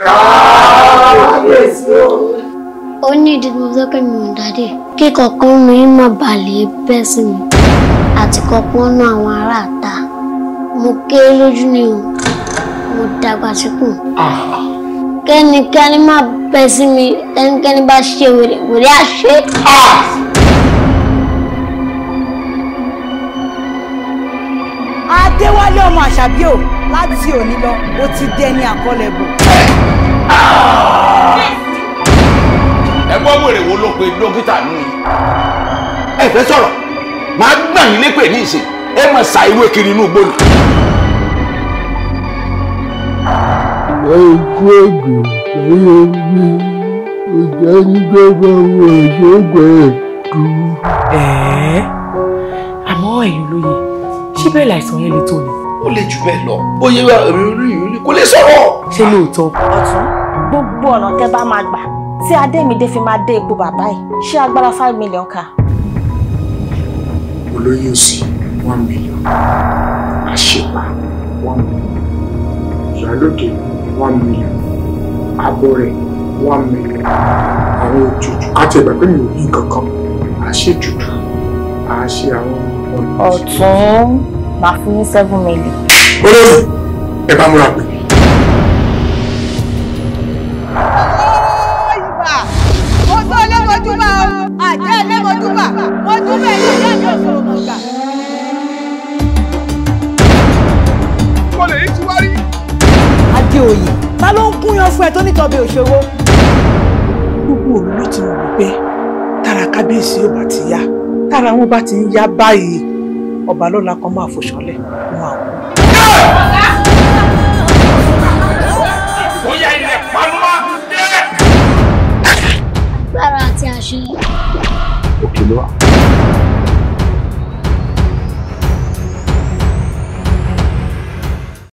kábíyèsí o. ó ní ìdí tí mo fẹ́ kẹ́ mi ò dáadé kí kọ̀ọ̀kan mi má balẹ̀ bẹ́ sí mi àti kọ̀ọ̀kan náà àwọn aráàta mo kéré lójú ni o mo dàgbà síkù kẹ́nikẹ́ni má bẹ́ sí mi ẹnikẹ́ni bá ṣe wèrè wèrè àṣẹ. adéwálé ọmọ àṣàbí o láti òní lọ ó ti dẹni àkọlẹ̀bù. ẹgbọ́n wèrè wo ló pe dókítà nù yìí. ẹ fẹ́ sọ̀rọ̀ màá gbà yín lépè ní ìsìn ẹ mọ̀ ṣà ìwé kiri inú igbó ni. ẹ̀kú ẹ̀gùn ṣẹ́yẹ mi ìjà ń gbọ́dọ̀ wọ ìṣègùn ẹ̀kú. ẹ̀ẹ́ àmọ́ ẹ̀yin lóye ṣíbẹ̀ láìsàn yẹn lè tó ni ó lè jù bẹ́ẹ̀ lọ bóyá èmi rí ìrírí kò lè sọ̀rọ̀. ṣé lóòótọ́. ọ̀tún gbogbo ọ̀nà tẹ́ bá máa gbà tí adémídé fi máa dé ipò bàbá yìí ṣé agbára five million ká. olóyè òsì one million àṣepa one million ìyálóde one million abọ́rẹ̀ one million àwọn òjòjò àti ẹ̀gbẹ́ pé mi ò ní nǹkan kan àṣejùdù àṣe àwọn ọ̀nà. ọ̀tún màá fún yín seven million. olórí ẹ bá múra pé. ọjọ́ ẹlẹ́mọ̀júmọ́ àjẹ́ ẹlẹ́mọ̀júmọ́ mọ̀júmọ́ ẹ̀yìn ìyá mi ò sọ̀rọ̀ mọ̀ gbà. mo lè yí tiwárí. adéoyè ta ló ń kúnyan fún ẹ tó nítọ́bi gbogbo òru ló ti rò wípé tára kábíyèsí ò bá ti yá tára wọn bá ti ń yá báyìí ọba lọ́la kan máa fò ṣánlẹ̀ wọn á kú. bóyá ilẹ̀ pamọ́ dé. àti àṣẹ. òkè ló wà.